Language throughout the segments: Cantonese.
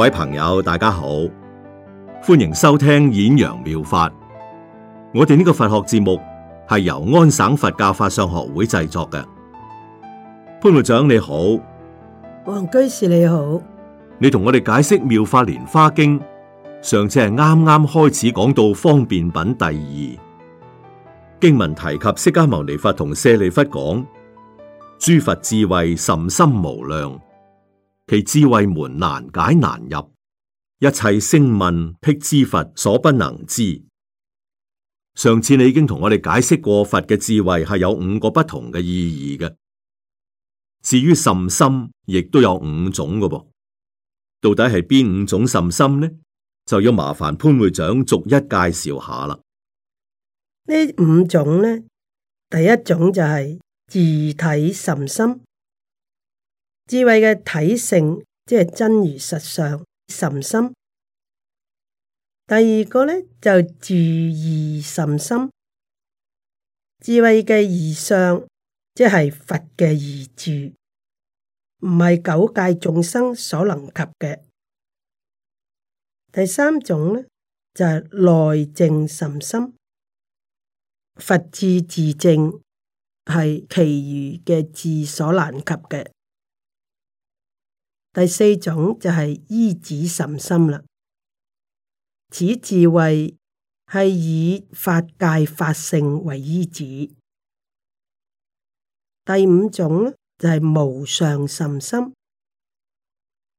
各位朋友，大家好，歡迎收聽演揚妙、妙法。我哋呢個佛學節目係由安省佛教法上學會製作嘅。潘會長你好，黃居士你好，你同我哋解釋妙法蓮花經。上次係啱啱開始講到方便品第二。經文提及釋迦牟尼佛同舍利弗講，諸佛智慧甚深無量。其智慧門難解難入，一切聲聞辟支佛所不能知。上次你已經同我哋解釋過，佛嘅智慧係有五個不同嘅意義嘅。至於甚深，亦都有五種嘅噃。到底係邊五種甚深呢？就要麻煩潘會長逐一介紹一下啦。呢五種呢，第一種就係自體甚深。智慧嘅體性即係真如實相，甚深。第二個呢，就自意甚深。智慧嘅意象即係佛嘅意住，唔係九界眾生所能及嘅。第三種呢，就係、是、內證甚深。佛智自證係其餘嘅智所難及嘅。第四種就係依止甚深啦，此智慧係以法界法性為依止。第五種就係無上甚深，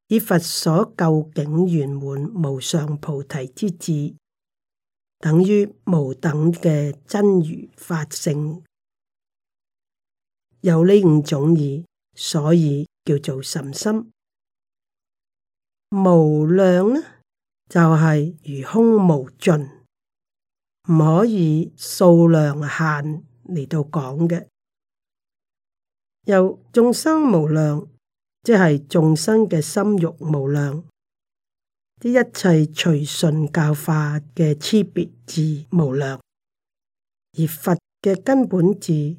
以佛所究竟圓滿無上菩提之智，等於無等嘅真如法性，有呢五種意，所以叫做甚深。無量呢，就係如空無盡，唔可以數量限嚟到講嘅。又眾生無量，即係眾生嘅心欲無量，啲一切隨順教化嘅差別智無量，而佛嘅根本智，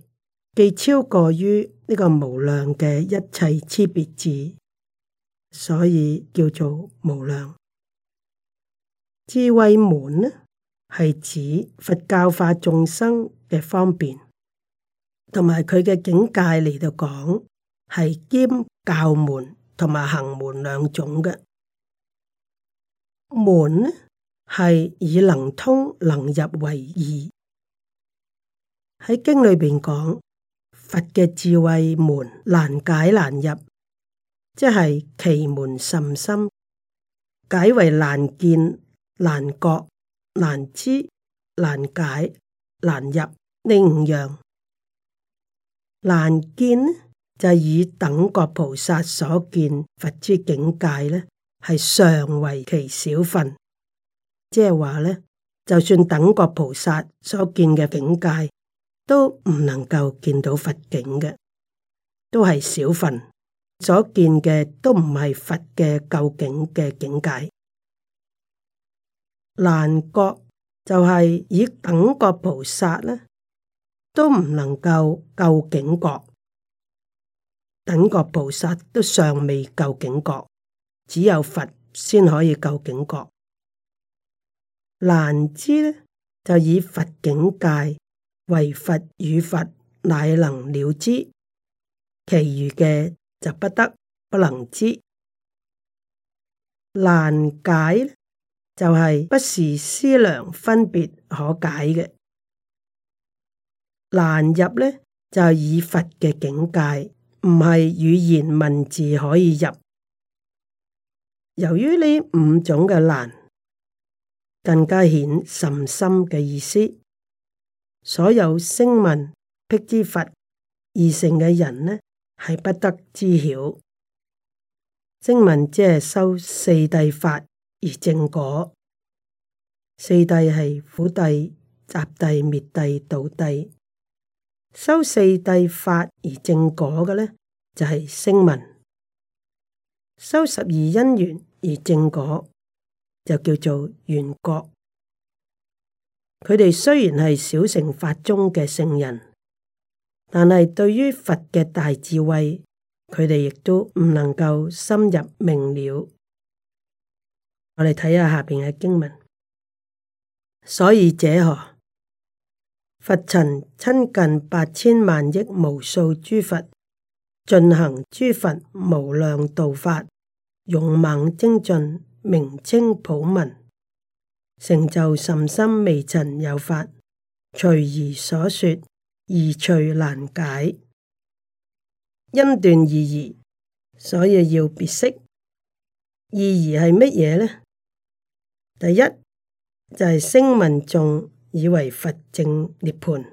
既超過於呢個無量嘅一切差別智。所以叫做無量智慧門呢，係指佛教化眾生嘅方便，同埋佢嘅境界嚟到講，係兼教門同埋行門兩種嘅門呢，係以能通能入為義。喺經裏邊講，佛嘅智慧門難解難入。即係奇門甚深，解為難見、難覺、難知、難解、難入。呢五樣難見呢，就係以等覺菩薩所見佛之境界呢，係尚為其少分。即係話呢，就算等覺菩薩所見嘅境界，都唔能夠見到佛境嘅，都係少分。所見嘅都唔係佛嘅究竟嘅境界。難覺就係以等覺菩薩呢，都唔能夠究竟覺，等覺菩薩都尚未究竟覺，只有佛先可以究竟覺。難知呢，就以佛境界為佛與佛，乃能了知。其餘嘅。就不得不能知，難解就係不是思量分別可解嘅。難入呢就係、是、以佛嘅境界唔係語言文字可以入。由於呢五種嘅難，更加顯甚深嘅意思。所有聲聞辟支佛而成嘅人呢？係不得知曉，聲聞只係修四諦法而正果，四諦係苦諦、集諦、滅諦、道諦，修四諦法而正果嘅呢，就係、是、聲聞。修十二因緣而正果，就叫做緣覺，佢哋雖然係小乘法中嘅聖人。但係對於佛嘅大智慧，佢哋亦都唔能夠深入明了。我哋睇下下邊嘅經文。所以者何？佛曾親近八千萬億無數諸佛，進行諸佛無量道法，勇猛精進，名稱普聞，成就甚深未曾有法，隨而所說。疑趣難解，因斷而疑，所以要別釋。義疑係乜嘢呢？第一就係、是、聲聞眾以為佛正涅槃，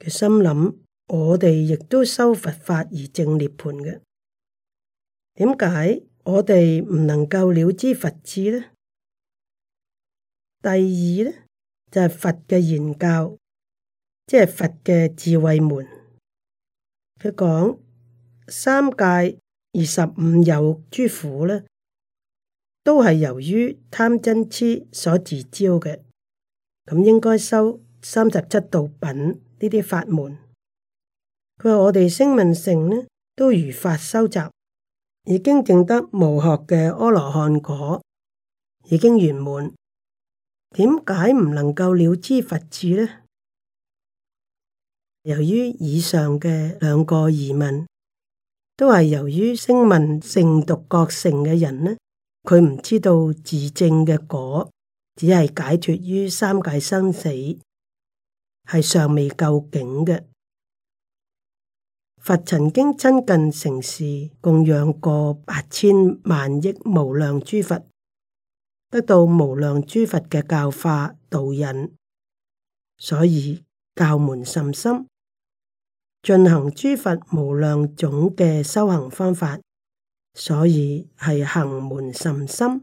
佢心諗我哋亦都修佛法而正涅槃嘅，點解我哋唔能夠了知佛智呢？第二咧就係、是、佛嘅言教。即係佛嘅智慧門，佢講三界二十五有諸苦呢都係由於貪嗔癡所自招嘅，咁應該修三十七道品呢啲法門。佢話我哋聲聞性呢都如法收集，已經證得無學嘅阿羅漢果，已經圓滿，點解唔能夠了知佛智呢？由於以上嘅兩個疑問，都係由於聲聞乘獨覺乘嘅人呢，佢唔知道自證嘅果，只係解脫於三界生死，係尚未究竟嘅。佛曾經親近，近承事供養過八千萬億無量諸佛，得到無量諸佛嘅教化導引，所以。教門甚深，進行諸佛無量種嘅修行方法，所以係行門甚深。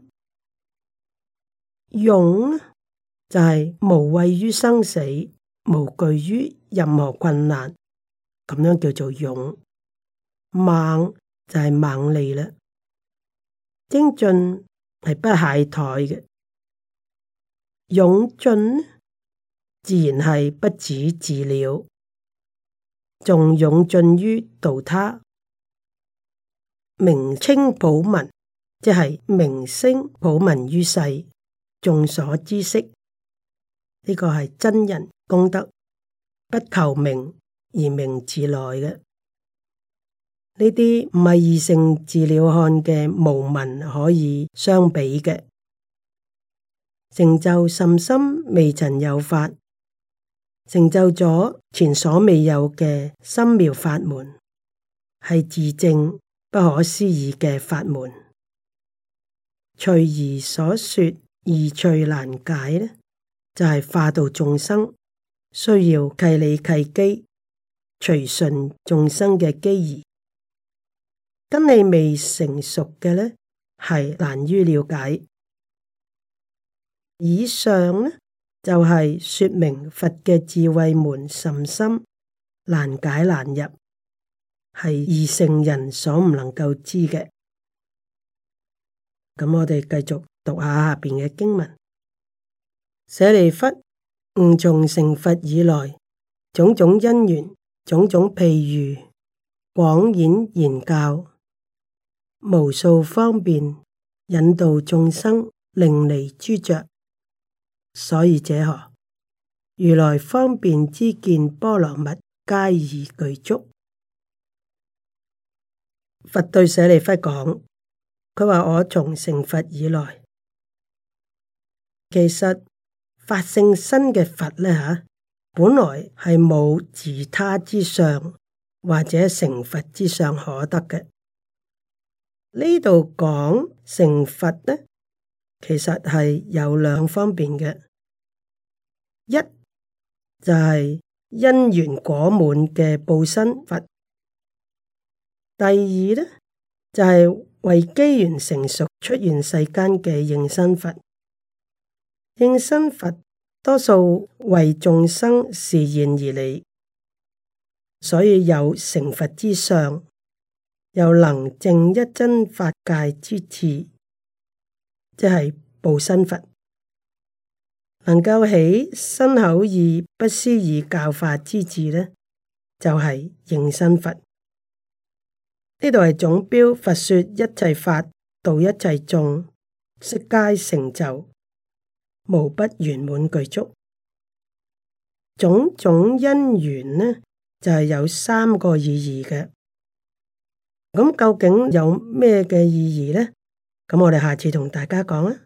勇呢就係無畏於生死，無懼於任何困難，咁樣叫做勇。猛就係猛利啦，精進係不懈怠嘅，勇進。自然係不止自了，仲勇進於道他，名聲普聞，即係名聲普聞於世，眾所知識。呢、這個係真人功德，不求名而名自來嘅。呢啲唔係二乘自了漢嘅無聞可以相比嘅，成就甚深，未曾有法。成就咗前所未有嘅心妙法門，係自證不可思議嘅法門。隨而所說而隨難解呢，就係、是、化度眾生需要契理契機，隨順眾生嘅機宜。跟你未成熟嘅呢，係難於了解。以上呢，就係說明佛嘅智慧門甚深難解難入，係二乘人所唔能夠知嘅。咁我哋繼續讀下下邊嘅經文：舍利弗，吾從成佛以來，種種因緣，種種譬喻，廣演言教，無數方便，引導眾生，令離諸著。所以者何，如來方便知見波羅蜜，皆已具足。佛對舍利弗講，佢話我從成佛以來，其實法性身嘅佛咧吓，本來係冇自他之相或者成佛之相可得嘅。呢度講成佛呢，其實係有兩方面嘅。一就係、是、因緣果滿嘅報身佛，第二呢，就係、是、為機緣成熟出現世間嘅應身佛。應身佛多數為眾生示現而嚟，所以有成佛之相，又能正一真法界之智，即係報身佛。能夠起身口意不思議教化之智，呢就係、是、應身佛。呢度係總標，佛說一切法，度一切眾，悉皆成就，無不圓滿具足。種種因緣呢，就係、是、有三個意義嘅。咁究竟有咩嘅意義呢？咁我哋下次同大家講啊。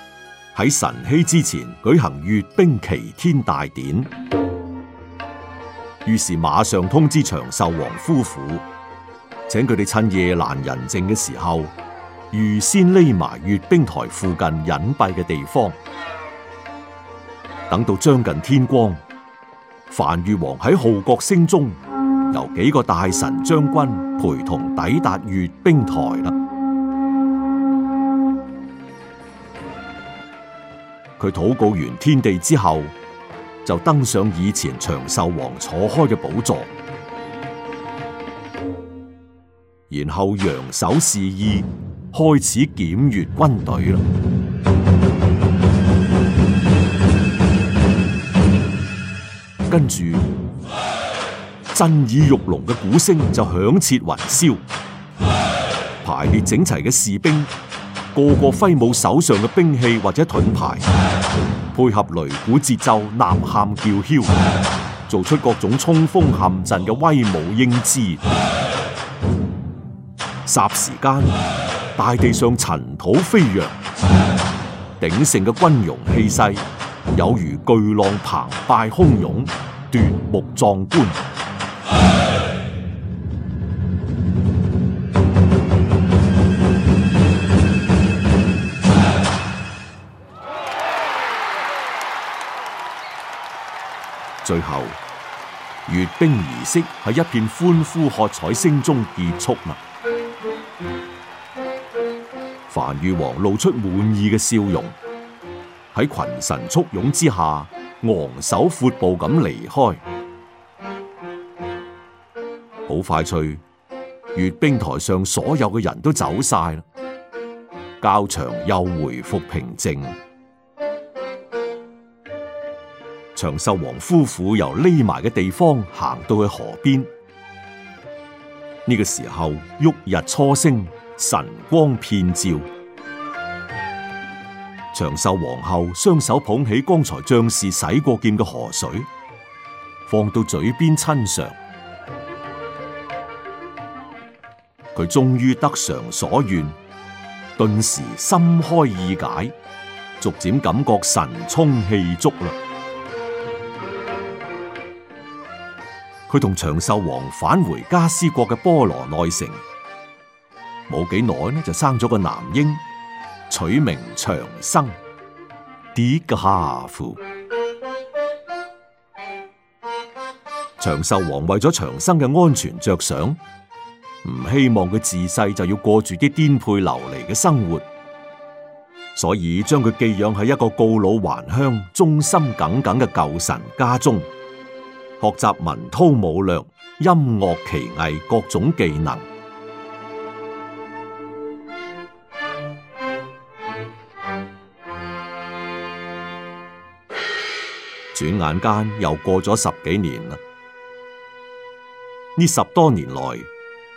喺晨曦之前舉行閱兵祈天大典，於是馬上通知長壽王夫婦，請佢哋趁夜闌人靜嘅時候，預先匿埋閱兵台附近隱蔽嘅地方。等到將近天光，樊御王喺號角聲中，由幾個大臣將軍陪同抵達閱兵台啦。佢禱告完天地之後，就登上以前長壽王坐開嘅寶座，然後揚手示意，開始檢閱軍隊啦。 跟住震耳欲聾嘅鼓聲就響徹雲霄， 排列整齊嘅士兵。個個揮舞手上嘅兵器或者盾牌，配合擂鼓節奏，吶喊叫囂，做出各種衝鋒陷陣嘅威武英姿。霎時間，大地上塵土飛揚，鼎盛嘅軍容氣勢有如巨浪澎湃洶湧，奪目壯觀。最後閱兵儀式喺一片歡呼喝彩聲中結束啦。梵豫王露出滿意嘅笑容，喺群臣簇擁之下昂首闊步咁離開。好快脆，閱兵台上所有嘅人都走晒啦，教場又回復平靜。長壽王夫婦由匿埋嘅地方行到去河邊，呢個時候旭日初升，神光遍照。長壽皇后雙手捧起剛才將士洗過劍嘅河水，放到嘴邊親嘗。佢終於得償所願，頓時心開意解，逐漸感覺神充氣足啦。佢同長壽王返回加斯國嘅波羅內城，冇幾耐呢就生咗個男嬰，取名長生。啲個下長壽王為咗長生嘅安全着想，唔希望佢自細就要過住啲顛沛流離嘅生活，所以將佢寄養喺一個告老還鄉、忠心耿耿嘅舊臣家中，學習文韜武略、音樂奇藝各種技能。轉 眼間又過咗十幾年啦。呢十多年來，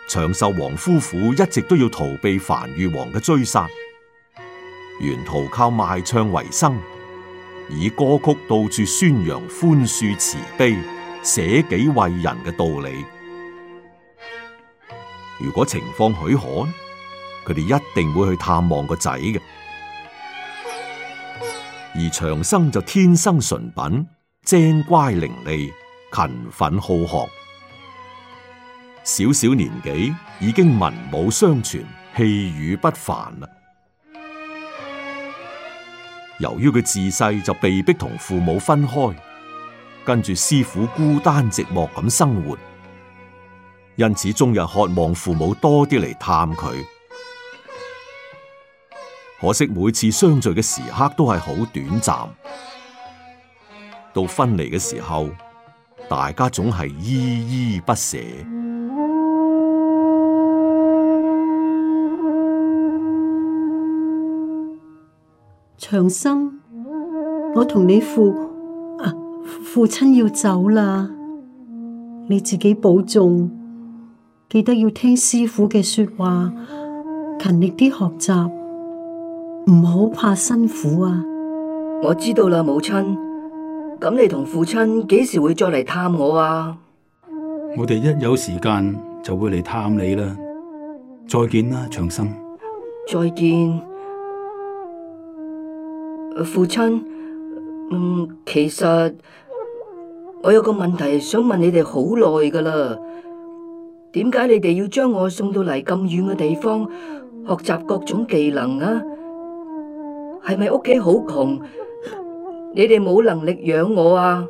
長壽王夫婦一直都要逃避梵豫王嘅追殺，沿途靠賣唱為生，以歌曲到處宣揚寬恕慈悲。捨己為人嘅道理，如果情況許可，佢哋一定會去探望個仔嘅。而長生就天生純品，精乖伶俐，勤奮好學，小小年紀已經文武雙全，氣宇不凡啦。由於佢自細就被逼同父母分開。跟住師父孤單寂寞咁生活，因此終日渴望父母多啲嚟探佢。可惜每次相聚嘅時刻都係好短暫，到分離嘅時候，大家總係依依不捨。長生，我同你父。父親要走啦，你自己保重，記得要聽師傅嘅說話，勤力啲學習，唔好怕辛苦啊！我知道啦，母親。咁你同父親幾時會再嚟探我啊？我哋一有時間就會嚟探你啦。再見啦，長生。再見，父親。嗯，其實我有個問題想問你哋好耐㗎喇，點解你哋要將我送到嚟咁遠嘅地方學習各種技能啊？係咪屋企好窮，你哋冇能力養我啊？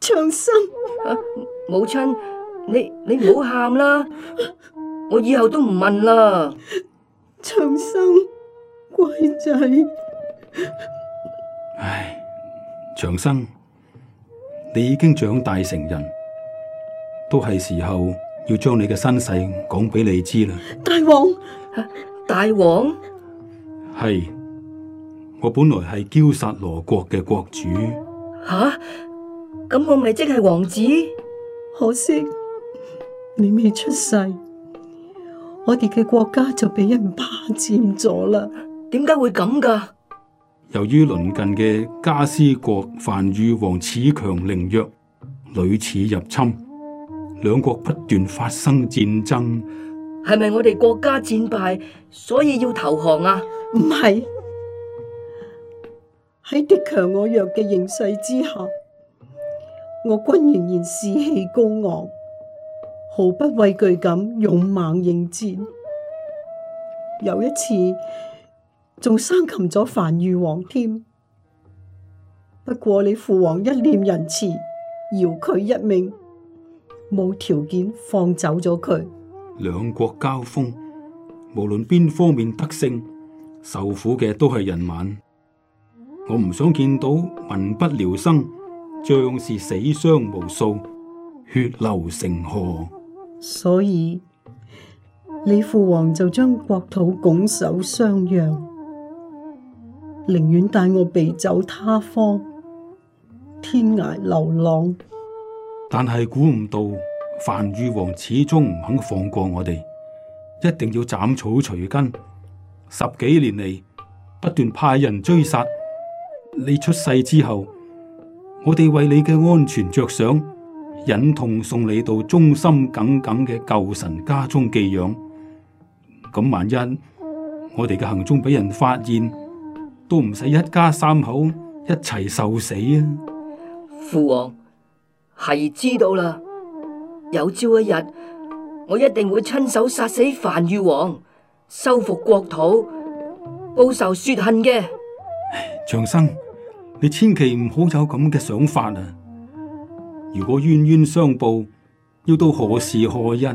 長生。啊、母親，你你唔好喊喇，我以後都唔問喇。長生，乖仔。唉，長生，你已經長大成人，都係時候要將你嘅身世講俾你知啦。大王，大王，係我本來係嬌殺羅國嘅國主。吓、啊，咁我咪即係王子？可惜你未出世，我哋嘅國家就俾人霸佔咗啦。點解會咁噶？由於鄰近嘅迦尸國梵豫王恃強凌弱，屢次入侵，兩國不斷發生戰爭。係咪我哋國家戰敗，所以要投降啊？唔係。喺敵強我弱嘅形勢之下，我軍仍然，然士氣高昂，毫不畏懼咁勇猛應戰。有一次。仲生擒咗梵豫王添，不過你父王一念仁慈，饒佢一命，冇條件放走咗佢。兩國交鋒，無論邊方面得勝，受苦嘅都係人民。我唔想見到民不聊生，將士死傷無數，血流成河。所以你父王就將國土拱手相讓。寧願帶我避走他方，天涯流浪。但係估唔到，范玉王始終唔肯放過我哋，一定要斬草除根。十幾年嚟，不斷派人追殺。你出世之後，我哋為你嘅安全着想，忍痛送你到忠心耿耿嘅舊神家中寄養。咁萬一我哋嘅行蹤俾人發現，都唔使一家三口一齊受死啊！父王係知道啦，有朝一日我一定會親手殺死梵豫王，收復國土，報仇雪恨嘅。 長生，你千祈唔好有咁嘅想法啊！如果冤冤相報，要到何時何日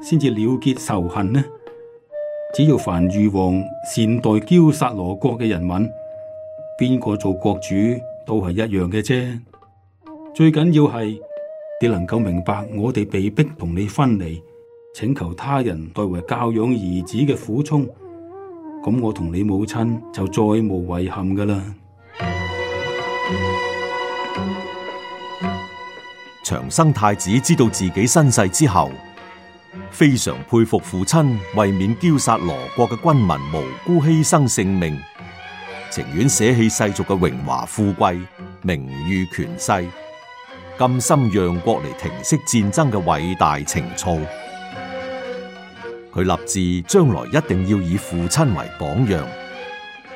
先至了結仇恨呢，啊？只要梵豫王善待嬌薩羅國嘅人民，邊個做國主都係一樣嘅啫。最緊要係你能夠明白我哋被逼同你分離，請求他人代為教養兒子嘅苦衷，咁我同你母親就再無遺憾噶啦。長生太子知道自己身世之後，非常佩服父親，為免憍薩羅國嘅軍民無辜犧牲性命，情願捨棄世俗嘅榮華富貴、名譽權勢，甘心讓國嚟停息戰爭嘅偉大情操。佢立志將來一定要以父親為榜樣，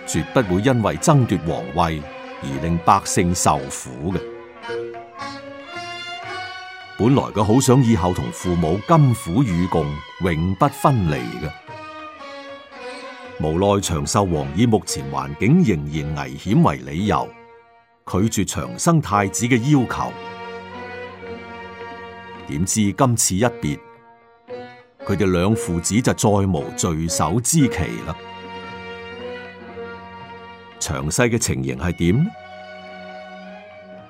絕不會因為爭奪皇位而令百姓受苦嘅。本來佢好想以後同父母甘苦與共，永不分離嘅。無奈長壽王以目前環境仍然危險為理由，拒絕長生太子嘅要求。點知今次一別，佢哋兩父子就再無聚首之期啦。詳細嘅情形係點？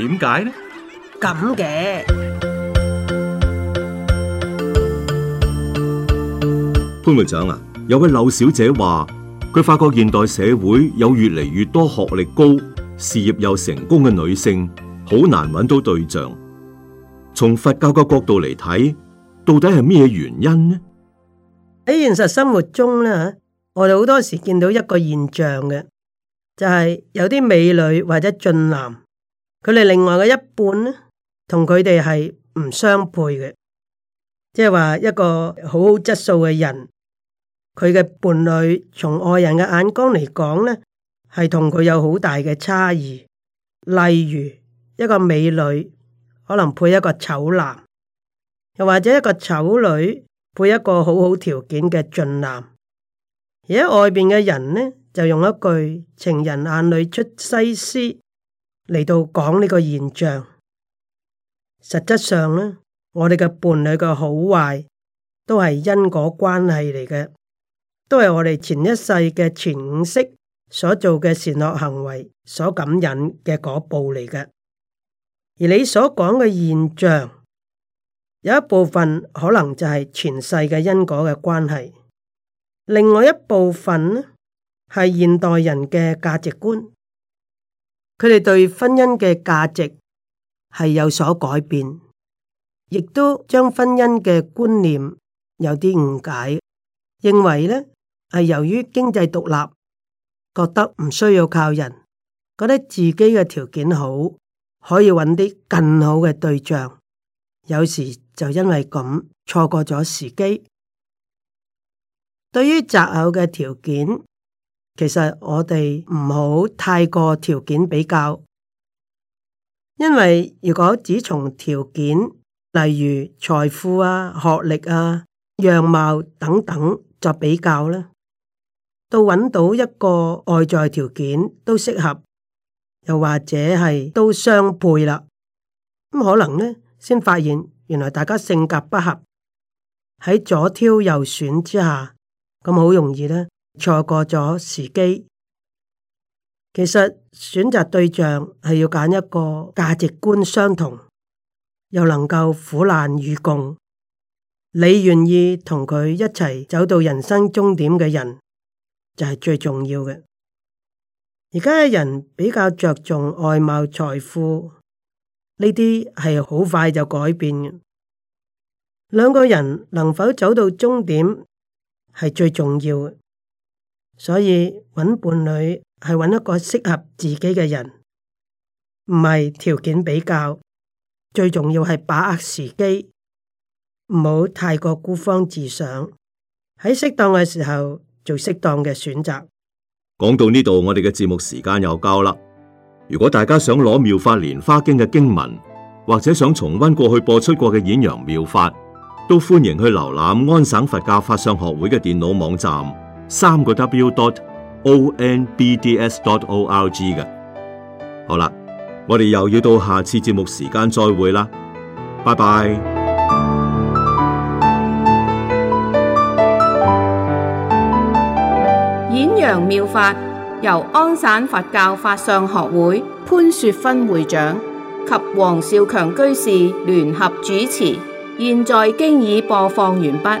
點解呢？咁嘅潘局長啊，有位柳小姐話佢發覺現代社會有越嚟越多學歷高、事業又成功嘅女性，好難揾到對象。從佛教嘅角度嚟睇，到底係咩原因呢？喺現實生活中咧，我哋好多時見到一個現象嘅，就係有啲美女或者俊男。佢哋另外嘅一半呢，同佢哋係唔相配嘅，即係話一個好好質素嘅人，佢嘅伴侶從外人嘅眼光嚟講呢，係同佢有好大嘅差異。例如一個美女可能配一個醜男，又或者一個醜女配一個好好條件嘅俊男。而喺外邊嘅人呢，就用一句情人眼裏出西施。嚟到講呢個現象，實質上呢，我哋嘅伴侶嘅好壞都係因果關係嚟嘅，都係我哋前一世嘅前五識所做嘅善惡行為所感引嘅嗰報嚟嘅。而你所講嘅現象，有一部分可能就係前世嘅因果嘅關係，另外一部分呢，係現代人嘅價值觀。佢哋對婚姻嘅價值係有所改變，亦都將婚姻嘅觀念有啲誤解，認為咧係由於經濟獨立，覺得唔需要靠人，覺得自己嘅條件好，可以揾啲更好嘅對象，有時就因為咁錯過咗時機。對於擇偶嘅條件。其實我哋唔好太過條件比較，因為如果只從條件，例如財富啊、學歷啊、樣貌等等作比較啦，到揾到一個外在條件都適合，又或者係都相配啦，咁可能咧先發現原來大家性格不合，喺左挑右選之下，咁好容易咧。錯過咗時機，其實選擇對象係要揀一個價值觀相同，又能夠苦難與共，你願意同佢一齊走到人生終點嘅人，就係最重要嘅。而家嘅人比較着重外貌、財富呢啲，係好快就改變嘅。兩個人能否走到終點，係最重要嘅。所以揾伴侶係揾一個適合自己嘅人，唔係條件比較，最重要係把握時機，唔好太過孤芳自賞，喺適當嘅時候做適當嘅選擇。講到呢度，我哋嘅節目時間又夠啦。如果大家想攞妙法蓮花經嘅經文，或者想重溫過去播出過嘅演說妙法，都歡迎去瀏覽安省佛教法相學會嘅電腦網站。三個 w.dot.o.n.b.d.s.dot.o.r.g 嘅。好啦，我哋又要到下次節目時間再會啦，拜拜。演揚妙法由安省佛教法相學會潘雪芬會長及黃少強居士聯合主持，現在經已播放完畢。